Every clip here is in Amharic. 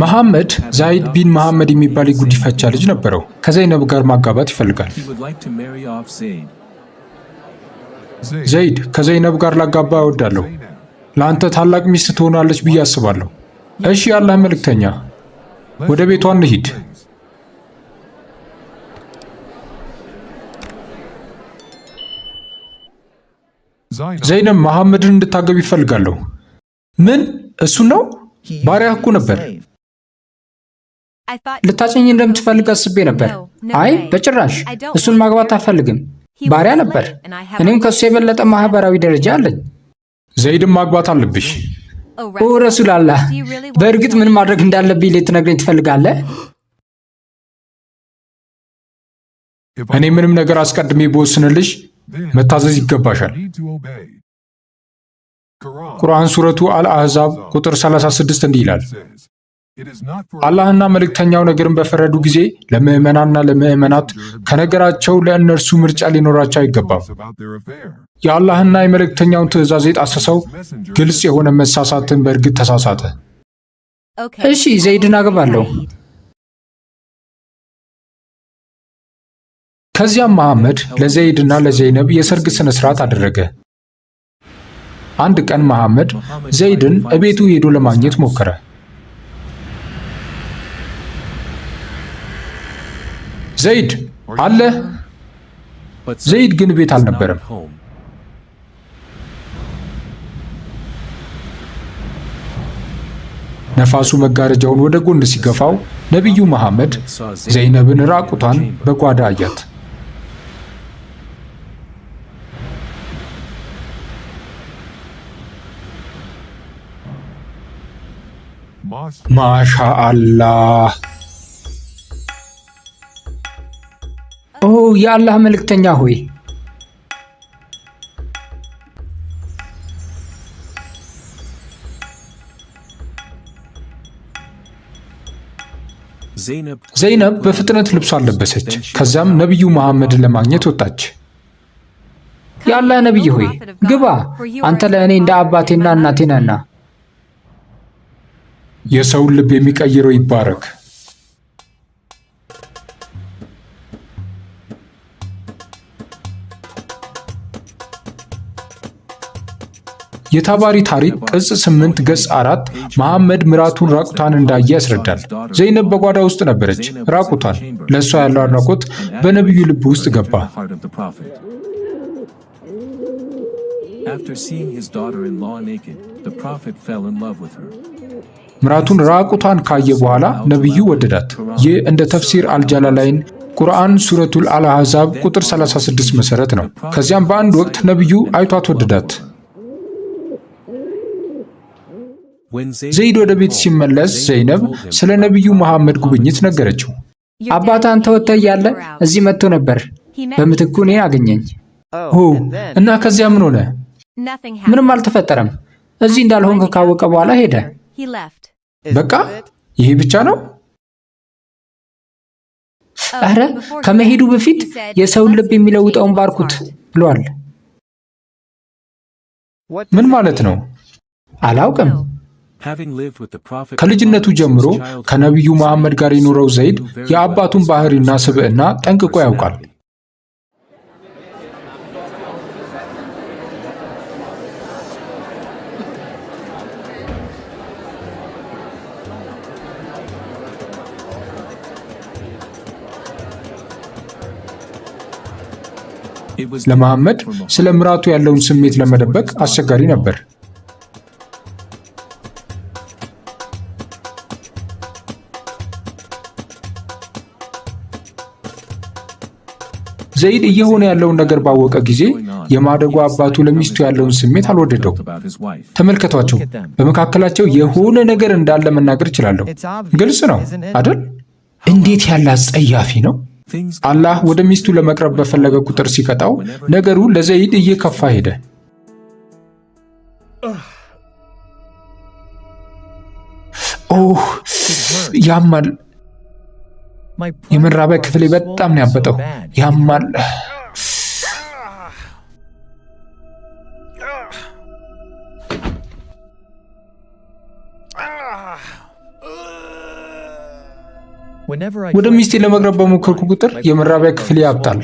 መሐመድ ዛይድ ቢን መሐመድ የሚባል የጉዲፈቻ ልጅ ነበረው። ከዘይነብ ጋር ማጋባት ይፈልጋል። ዘይድ ከዘይነብ ጋር ላጋባ እወዳለሁ፣ ለአንተ ታላቅ ሚስት ትሆናለች ብዬ አስባለሁ። እሺ ያለ መልእክተኛ፣ ወደ ቤቷ እንሂድ። ዘይነብ መሐመድን እንድታገብ ይፈልጋለሁ። ምን? እሱን ነው? ባሪያ እኮ ነበር። ልታጨኝ እንደምትፈልግ አስቤ ነበር። አይ በጭራሽ እሱን ማግባት አፈልግም። ባሪያ ነበር። እኔም ከሱ የበለጠ ማህበራዊ ደረጃ አለኝ። ዘይድም ማግባት አለብሽ። oh, ኦ ረሱል በእርግጥ ምን ማድረግ እንዳለብኝ ልትነግረኝ ትፈልጋለህ? እኔ ምንም ነገር አስቀድሜ በወስንልሽ መታዘዝ ይገባሻል። ቁርአን ሱረቱ አልአህዛብ ቁጥር 36 እንዲህ ይላል አላህና መልእክተኛው ነገርን በፈረዱ ጊዜ ለምዕመናንና ለምዕመናት ከነገራቸው ለእነርሱ ምርጫ ሊኖራቸው አይገባም። የአላህና የመልእክተኛውን ትእዛዝ የጣሰሰው ግልጽ የሆነ መሳሳትን በእርግጥ ተሳሳተ። እሺ ዘይድን አገባለሁ። ከዚያም መሐመድ ለዘይድና ለዘይነብ የሰርግ ስነ ስርዓት አደረገ። አንድ ቀን መሐመድ ዘይድን እቤቱ ሄዶ ለማግኘት ሞከረ። ዘይድ አለ። ዘይድ ግን ቤት አልነበረም። ነፋሱ መጋረጃውን ወደ ጎን ሲገፋው ነቢዩ መሐመድ ዘይነብን ራቁቷን በጓዳ አያት። አላህ ኦ የአላህ መልእክተኛ ሆይ ዘይነብ በፍጥነት ልብሷ አለበሰች። ከዛም ነቢዩ መሐመድን ለማግኘት ወጣች። የአላህ ነቢይ ሆይ ግባ፣ አንተ ለእኔ እንደ አባቴና እናቴ ነህና። የሰውን ልብ የሚቀይረው ይባረክ። የታባሪ ታሪክ ቅጽ 8 ገጽ 4 መሐመድ ምራቱን ራቁታን እንዳየ ያስረዳል። ዘይነብ በጓዳ ውስጥ ነበረች ራቁታን። ለእሷ ያለው አድናቆት በነቢዩ ልብ ውስጥ ገባ። ምራቱን ራቁታን ካየ በኋላ ነቢዩ ወደዳት። ይህ እንደ ተፍሲር አልጃላላይን ቁርአን ሱረቱል አልአሕዛብ ቁጥር 36 መሠረት ነው። ከዚያም በአንድ ወቅት ነቢዩ አይቷት ወደዳት። ዘይድ ወደ ቤት ሲመለስ ዘይነብ ስለ ነቢዩ መሐመድ ጉብኝት ነገረችው። አባት አንተ ወጥተህ እያለ እዚህ መጥቶ ነበር፣ በምትኩ እኔን አገኘኝ። ሆ እና ከዚያ ምን ሆነ? ምንም አልተፈጠረም። እዚህ እንዳልሆንክ ካወቀ በኋላ ሄደ። በቃ ይሄ ብቻ ነው። አረ ከመሄዱ በፊት የሰውን ልብ የሚለውጠውን ባርኩት ብሏል። ምን ማለት ነው? አላውቅም። ከልጅነቱ ጀምሮ ከነቢዩ መሐመድ ጋር የኖረው ዘይድ የአባቱን ባህሪና ስብዕና ጠንቅቆ ያውቃል። ለመሐመድ ስለ ምራቱ ያለውን ስሜት ለመደበቅ አስቸጋሪ ነበር። ዘይድ እየሆነ ያለውን ነገር ባወቀ ጊዜ የማደጎ አባቱ ለሚስቱ ያለውን ስሜት አልወደደው። ተመልከቷቸው፣ በመካከላቸው የሆነ ነገር እንዳለ መናገር እችላለሁ። ግልጽ ነው አደል? እንዴት ያለ አስጸያፊ ነው! አላህ ወደ ሚስቱ ለመቅረብ በፈለገ ቁጥር ሲቀጣው ነገሩ ለዘይድ እየከፋ ሄደ። ኦህ ያማል የመራቢያ ክፍሌ በጣም ነው ያበጠው፣ ያማል። ወደ ሚስቴ ለመቅረብ በሞከርኩ ቁጥር የመራቢያ ክፍሌ ያብጣል።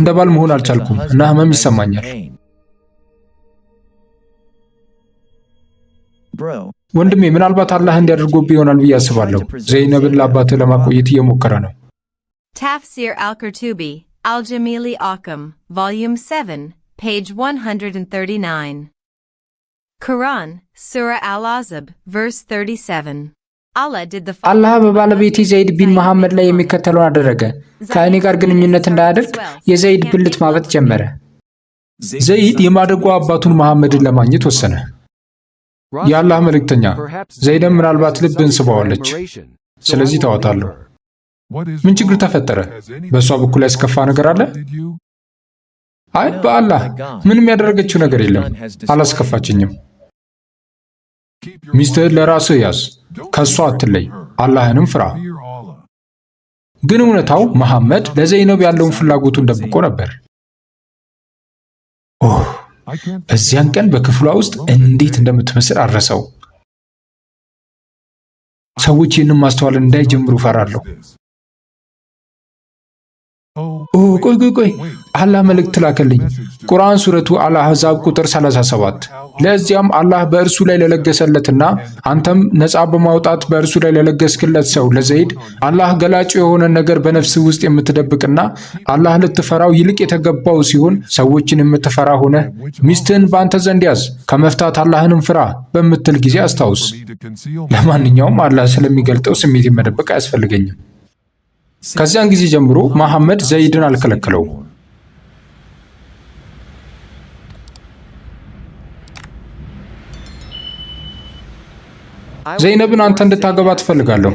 እንደ ባል መሆን አልቻልኩም እና ህመም ይሰማኛል። ወንድሜ ምናልባት አላህ እንዲያደርጎብ ይሆናል ብዬ አስባለሁ። ዘይነብን ለአባትህ ለማቆየት እየሞከረ ነው። ታፍሲር አልከርቱቢ አልጀሚሊ አክም ቮሉም 7 ፔጅ 139 ቁርአን ሱራ አልአዘብ ቨርስ 37 አላህ በባለቤቴ ዘይድ ቢን መሐመድ ላይ የሚከተለውን አደረገ። ከእኔ ጋር ግንኙነት እንዳያደርግ የዘይድ ብልት ማበጥ ጀመረ። ዘይድ የማደጎ አባቱን መሐመድን ለማግኘት ወሰነ። የአላህ መልእክተኛ ዘይደን ምናልባት ልብ እንስበዋለች፣ ስለዚህ ታወጣለሁ። ምን ችግር ተፈጠረ? በእሷ በኩል ያስከፋ ነገር አለ? አይ በአላህ ምንም ያደረገችው ነገር የለም፣ አላስከፋችኝም። ሚስትህን ለራስህ ያዝ፣ ከእሷ አትለይ፣ አላህንም ፍራ። ግን እውነታው መሐመድ ለዘይነብ ያለውን ፍላጎቱን ደብቆ ነበር። በዚያን ቀን በክፍሏ ውስጥ እንዴት እንደምትመስል አረሰው። ሰዎች ይህንም ማስተዋል እንዳይጀምሩ ፈራለሁ። ቆይ ቆይ ቆይ፣ አላህ መልእክት ላከልኝ። ቁርአን ሱረቱ አልአሕዛብ ቁጥር 37። ለዚያም አላህ በእርሱ ላይ ለለገሰለትና አንተም ነፃ በማውጣት በእርሱ ላይ ለለገስክለት ሰው ለዘይድ አላህ ገላጭ የሆነ ነገር በነፍስ ውስጥ የምትደብቅና አላህ ልትፈራው ይልቅ የተገባው ሲሆን ሰዎችን የምትፈራ ሆነ ሚስትህን በአንተ ዘንድ ያዝ፣ ከመፍታት አላህንም ፍራ በምትል ጊዜ አስታውስ። ለማንኛውም አላህ ስለሚገልጠው ስሜት መደበቅ አያስፈልገኝም። ከዚያን ጊዜ ጀምሮ መሐመድ ዘይድን አልከለከለውም። ዘይነብን አንተ እንድታገባ ትፈልጋለሁ።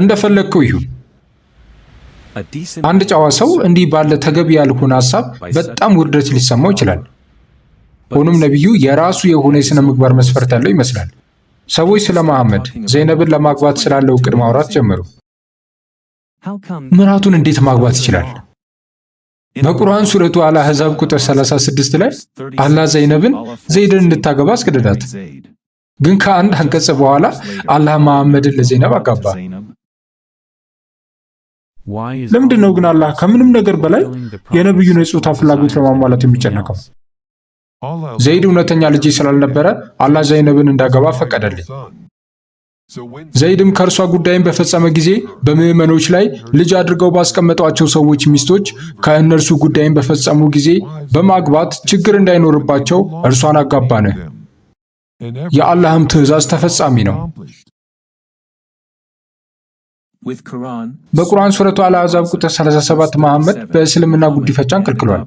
እንደፈለግከው ይሁን። አንድ ጨዋ ሰው እንዲህ ባለ ተገቢ ያልሆነ ሀሳብ በጣም ውርደት ሊሰማው ይችላል። ሆኖም ነቢዩ የራሱ የሆነ የሥነ ምግባር መስፈርት ያለው ይመስላል። ሰዎች ስለ መሐመድ ዘይነብን ለማግባት ስላለው እቅድ ማውራት ጀመሩ። ምራቱን እንዴት ማግባት ይችላል? በቁርአን ሱረቱ አል ቁጥር 36 ላይ አላህ ዘይነብን ዘይድን እንድታገባ አስገደዳት። ግን ከአንድ አንቀጽ በኋላ አላህ መሐመድን ለዘይነብ አጋባ። ለምንድን ነው ግን አላህ ከምንም ነገር በላይ የነብዩን የጾታ ፍላጎት ለማሟላት የሚጨነቀው? ዘይድ እውነተኛ ልጅ ስላልነበረ አላህ ዘይነብን እንዳገባ ፈቀደልኝ። ዘይድም ከእርሷ ጉዳይን በፈጸመ ጊዜ በምዕመኖች ላይ ልጅ አድርገው ባስቀመጧቸው ሰዎች ሚስቶች ከእነርሱ ጉዳይን በፈጸሙ ጊዜ በማግባት ችግር እንዳይኖርባቸው እርሷን አጋባነ። የአላህም ትእዛዝ ተፈጻሚ ነው። በቁርአን ሱረቱ አልአዛብ ቁጥር 37 መሐመድ በእስልምና ጉዲፈቻን ከልክሏል።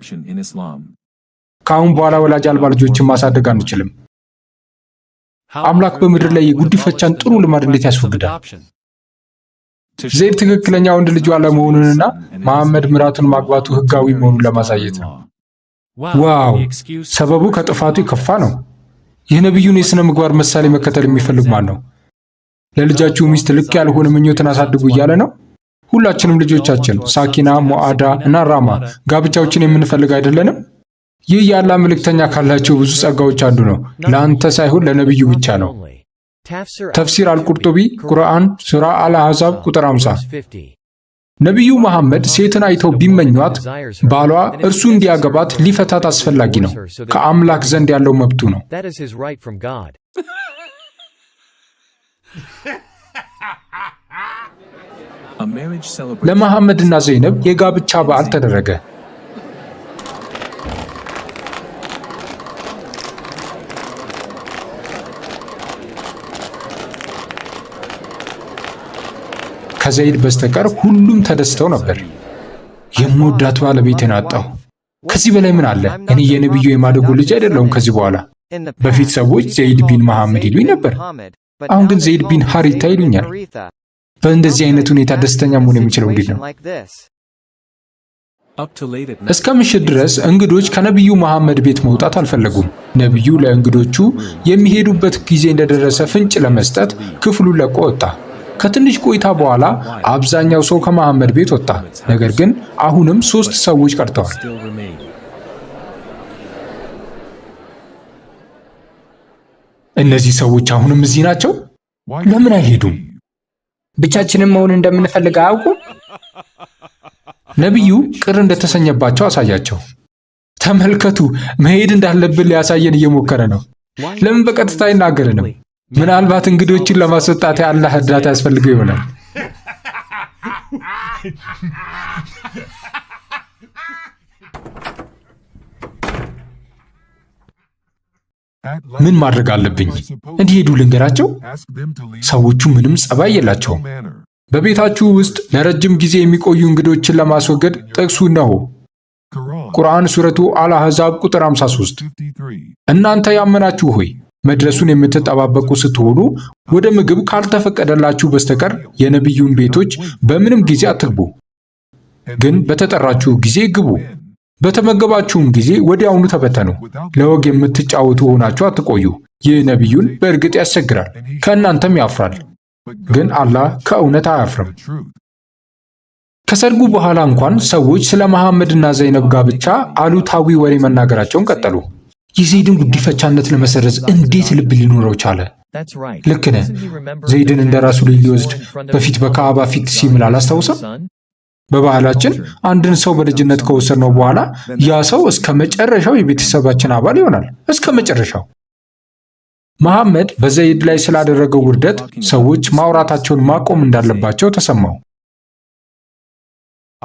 ከአሁን በኋላ ወላጅ አልባ ልጆችን ማሳደግ አንችልም። አምላክ በምድር ላይ የጉዲፈቻን ጥሩ ልማድ እንዴት ያስወግዳል? ዜድ ትክክለኛ ወንድ ልጇ ለመሆኑንና መሐመድ ምራቱን ማግባቱ ህጋዊ መሆኑን ለማሳየት ነው። ዋው! ሰበቡ ከጥፋቱ የከፋ ነው። የነቢዩን የሥነ ምግባር ምሳሌ መከተል የሚፈልግ ማን ነው? ለልጃችሁ ሚስት ልክ ያልሆነ ምኞትን አሳድጉ እያለ ነው። ሁላችንም ልጆቻችን ሳኪና፣ ሞአዳ እና ራማ ጋብቻዎችን የምንፈልግ አይደለንም? ይህ የአላህ መልእክተኛ ካላቸው ብዙ ጸጋዎች አንዱ ነው። ለአንተ ሳይሆን ለነቢዩ ብቻ ነው። ተፍሲር አልቁርጡቢ ቁርአን ሱራ አልአሕዛብ ቁጥር 50 ነቢዩ መሐመድ ሴትን አይተው ቢመኟት ባሏ እርሱ እንዲያገባት ሊፈታት አስፈላጊ ነው። ከአምላክ ዘንድ ያለው መብቱ ነው። ለመሐመድና ዘይነብ የጋብቻ በዓል ተደረገ። ከዘይድ በስተቀር ሁሉም ተደስተው ነበር። የምወዳት ባለቤቴን አጣሁ። ከዚህ በላይ ምን አለ? እኔ የነቢዩ የማደጎ ልጅ አይደለሁም። ከዚህ በኋላ በፊት ሰዎች ዘይድ ቢን መሐመድ ይሉኝ ነበር። አሁን ግን ዘይድ ቢን ሐሪታ ይሉኛል። በእንደዚህ አይነት ሁኔታ ደስተኛ መሆን የሚችለው እንዴት ነው? እስከ ምሽት ድረስ እንግዶች ከነቢዩ መሐመድ ቤት መውጣት አልፈለጉም። ነቢዩ ለእንግዶቹ የሚሄዱበት ጊዜ እንደደረሰ ፍንጭ ለመስጠት ክፍሉን ለቆ ወጣ። ከትንሽ ቆይታ በኋላ አብዛኛው ሰው ከመሐመድ ቤት ወጣ። ነገር ግን አሁንም ሶስት ሰዎች ቀርተዋል። እነዚህ ሰዎች አሁንም እዚህ ናቸው። ለምን አይሄዱም? ብቻችንም መሆን እንደምንፈልግ አያውቁም? ነቢዩ ቅር እንደተሰኘባቸው አሳያቸው። ተመልከቱ፣ መሄድ እንዳለብን ሊያሳየን እየሞከረ ነው። ለምን በቀጥታ አይናገርንም? ምናልባት እንግዶችን ለማስወጣት የአላህ እርዳታ ያስፈልገው ይሆናል። ምን ማድረግ አለብኝ? እንዲሄዱ ልንገራቸው? ሰዎቹ ምንም ጸባይ የላቸውም። በቤታችሁ ውስጥ ለረጅም ጊዜ የሚቆዩ እንግዶችን ለማስወገድ ጥቅሱ ነው። ቁርአን ሱረቱ አል ቁጥር 53 እናንተ ያመናችሁ ሆይ መድረሱን የምትጠባበቁ ስትሆኑ ወደ ምግብ ካልተፈቀደላችሁ በስተቀር የነቢዩን ቤቶች በምንም ጊዜ አትግቡ። ግን በተጠራችሁ ጊዜ ግቡ። በተመገባችሁም ጊዜ ወዲያውኑ ተበተኑ። ለወግ የምትጫወቱ ሆናችሁ አትቆዩ። ይህ ነቢዩን በእርግጥ ያስቸግራል፣ ከእናንተም ያፍራል። ግን አላህ ከእውነት አያፍርም። ከሰርጉ በኋላ እንኳን ሰዎች ስለ መሐመድና ዘይነብ ጋብቻ አሉታዊ ወሬ መናገራቸውን ቀጠሉ። የዘይድን ጉዲፈቻነት ለመሰረዝ እንዴት ልብ ሊኖረው ቻለ? ልክ ነህ። ዘይድን እንደ ራሱ ሊወስድ በፊት በካዕባ ፊት ሲምል አላስታውሰም? በባህላችን አንድን ሰው በልጅነት ከወሰድነው በኋላ ያ ሰው እስከ መጨረሻው የቤተሰባችን አባል ይሆናል። እስከ መጨረሻው። መሐመድ በዘይድ ላይ ስላደረገው ውርደት ሰዎች ማውራታቸውን ማቆም እንዳለባቸው ተሰማው።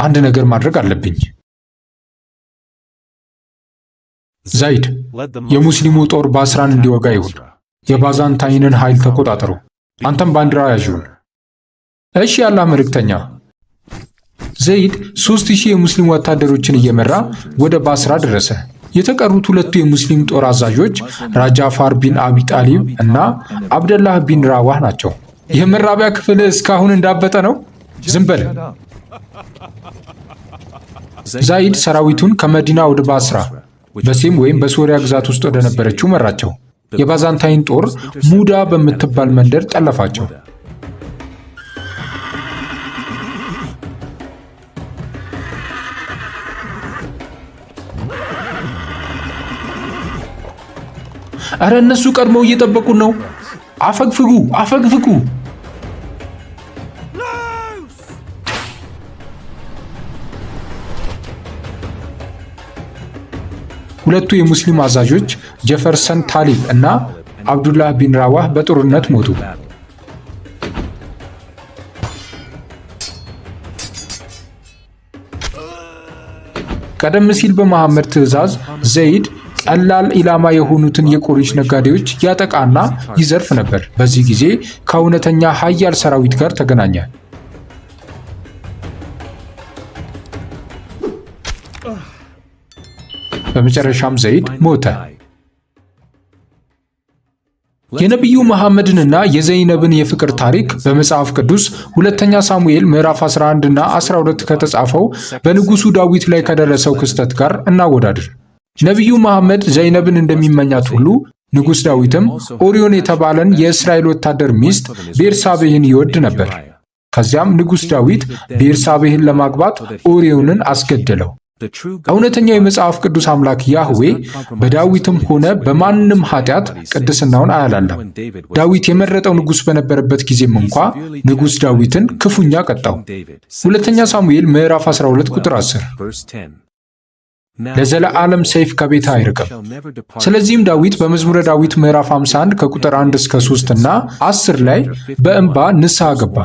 አንድ ነገር ማድረግ አለብኝ። ዘይድ የሙስሊሙ ጦር ባስራን እንዲወጋ ይሁን። የባዛንታይንን ኃይል ተቆጣጠሩ። አንተም ባንዲራ ያዥውን። እሺ ያላ መልእክተኛ። ዘይድ ሦስት ሺህ የሙስሊም ወታደሮችን እየመራ ወደ ባስራ ደረሰ። የተቀሩት ሁለቱ የሙስሊም ጦር አዛዦች ራጃፋር ቢን አቢ ጣሊብ እና አብደላህ ቢን ራዋህ ናቸው። የመራቢያ ክፍል እስካሁን እንዳበጠ ነው። ዝም በል። ዛይድ ሰራዊቱን ከመዲና ወደ ባስራ በሴም ወይም በሶሪያ ግዛት ውስጥ ወደነበረችው መራቸው። የባዛንታይን ጦር ሙዳ በምትባል መንደር ጠለፋቸው። እረ እነሱ ቀድመው እየጠበቁን ነው! አፈግፍጉ! አፈግፍጉ! ሁለቱ የሙስሊም አዛዦች ጀፈርሰን ታሊብ እና አብዱላህ ቢን ራዋህ በጦርነት ሞቱ። ቀደም ሲል በመሐመድ ትዕዛዝ ዘይድ ቀላል ኢላማ የሆኑትን የቁረይሽ ነጋዴዎች ያጠቃና ይዘርፍ ነበር። በዚህ ጊዜ ከእውነተኛ ሀያል ሰራዊት ጋር ተገናኘ። በመጨረሻም ዘይድ ሞተ። የነቢዩ መሐመድንና የዘይነብን የፍቅር ታሪክ በመጽሐፍ ቅዱስ ሁለተኛ ሳሙኤል ምዕራፍ 11 እና 12 ከተጻፈው በንጉሡ ዳዊት ላይ ከደረሰው ክስተት ጋር እናወዳድር። ነቢዩ መሐመድ ዘይነብን እንደሚመኛት ሁሉ ንጉሥ ዳዊትም ኦሪዮን የተባለን የእስራኤል ወታደር ሚስት ቤርሳቤህን ይወድ ነበር። ከዚያም ንጉሥ ዳዊት ቤርሳቤህን ለማግባት ኦሪዮንን አስገደለው። እውነተኛው የመጽሐፍ ቅዱስ አምላክ ያህዌ በዳዊትም ሆነ በማንም ኃጢአት ቅድስናውን አያላለም። ዳዊት የመረጠው ንጉሥ በነበረበት ጊዜም እንኳ ንጉሥ ዳዊትን ክፉኛ ቀጣው። ሁለተኛ ሳሙኤል ምዕራፍ 12 ቁጥር 10 ለዘለዓለም ሰይፍ ከቤት አይርቅም። ስለዚህም ዳዊት በመዝሙረ ዳዊት ምዕራፍ 51 ከቁጥር 1 እስከ 3 እና 10 ላይ በእንባ ንስሐ ገባ።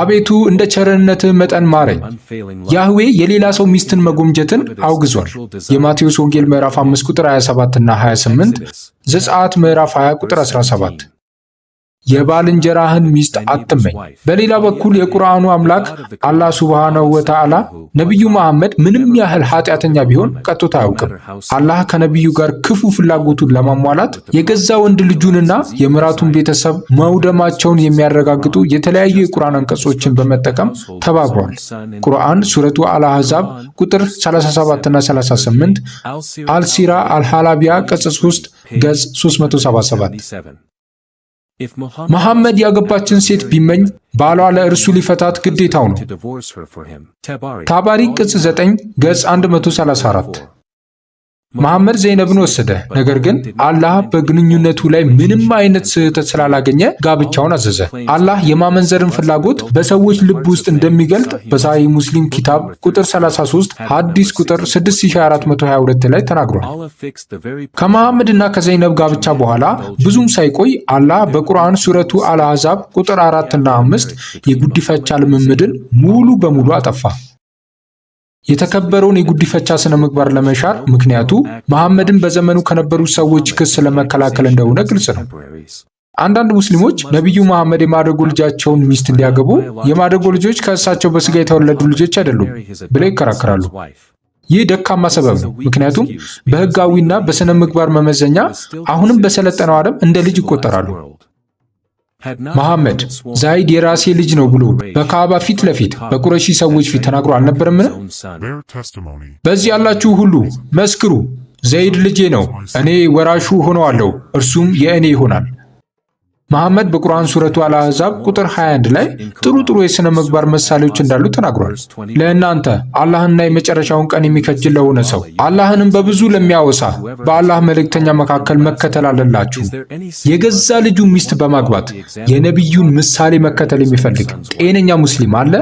አቤቱ እንደ ቸርነትህ መጠን ማረኝ። ያህዌ የሌላ ሰው ሚስትን መጎምጀትን አውግዟል። የማቴዎስ ወንጌል ምዕራፍ 5 ቁጥር 27ና 28፣ ዘጸአት ምዕራፍ 20 ቁጥር 17 የባልንጀራህን ሚስት አትመኝ። በሌላ በኩል የቁርአኑ አምላክ አላህ ሱብሃነሁ ወተዓላ ነቢዩ መሐመድ ምንም ያህል ኃጢአተኛ ቢሆን ቀጥታ አያውቅም። አላህ ከነቢዩ ጋር ክፉ ፍላጎቱን ለማሟላት የገዛ ወንድ ልጁንና የምራቱን ቤተሰብ መውደማቸውን የሚያረጋግጡ የተለያዩ የቁርአን አንቀጾችን በመጠቀም ተባብሯል። ቁርአን ሱረቱ አልአሕዛብ ቁጥር 37ና 38፣ አልሲራ አልሃላቢያ ቀጽ 3 ገጽ 377 መሐመድ ያገባችን ሴት ቢመኝ ባሏ ለእርሱ ሊፈታት ግዴታው ነው። ታባሪ ቅጽ 9 ገጽ 134 መሐመድ ዘይነብን ወሰደ። ነገር ግን አላህ በግንኙነቱ ላይ ምንም አይነት ስህተት ስላላገኘ ጋብቻውን አዘዘ። አላህ የማመንዘርን ፍላጎት በሰዎች ልብ ውስጥ እንደሚገልጥ በሳሂህ ሙስሊም ኪታብ ቁጥር 33 ሐዲስ ቁጥር 6422 ላይ ተናግሯል። ከመሐመድና ከዘይነብ ጋብቻ በኋላ ብዙም ሳይቆይ አላህ በቁርአን ሱረቱ አልአሕዛብ ቁጥር 4 እና 5 የጉዲፈቻ ልምምድን ሙሉ በሙሉ አጠፋ። የተከበረውን የጉዲፈቻ ስነ ምግባር ለመሻር ምክንያቱ መሐመድን በዘመኑ ከነበሩ ሰዎች ክስ ለመከላከል እንደሆነ ግልጽ ነው። አንዳንድ ሙስሊሞች ነቢዩ መሐመድ የማደጎ ልጃቸውን ሚስት እንዲያገቡ የማደጎ ልጆች ከእሳቸው በስጋ የተወለዱ ልጆች አይደሉም ብለው ይከራከራሉ። ይህ ደካማ ሰበብ ነው። ምክንያቱም በህጋዊና በስነ ምግባር መመዘኛ አሁንም በሰለጠነው ዓለም እንደ ልጅ ይቆጠራሉ። መሐመድ ዛይድ የራሴ ልጅ ነው ብሎ በካዕባ ፊት ለፊት በቁረሺ ሰዎች ፊት ተናግሮ አልነበረምን? በዚህ ያላችሁ ሁሉ መስክሩ፣ ዘይድ ልጄ ነው፣ እኔ ወራሹ ሆነዋለሁ፣ እርሱም የእኔ ይሆናል። መሐመድ በቁርአን ሱረቱ አልአሕዛብ ቁጥር 21 ላይ ጥሩ ጥሩ የሥነ ምግባር ምሳሌዎች እንዳሉ ተናግሯል። ለእናንተ አላህንና የመጨረሻውን ቀን የሚከጅል ለሆነ ሰው አላህንም በብዙ ለሚያወሳ በአላህ መልእክተኛ መካከል መከተል አለላችሁ። የገዛ ልጁ ሚስት በማግባት የነቢዩን ምሳሌ መከተል የሚፈልግ ጤነኛ ሙስሊም አለ?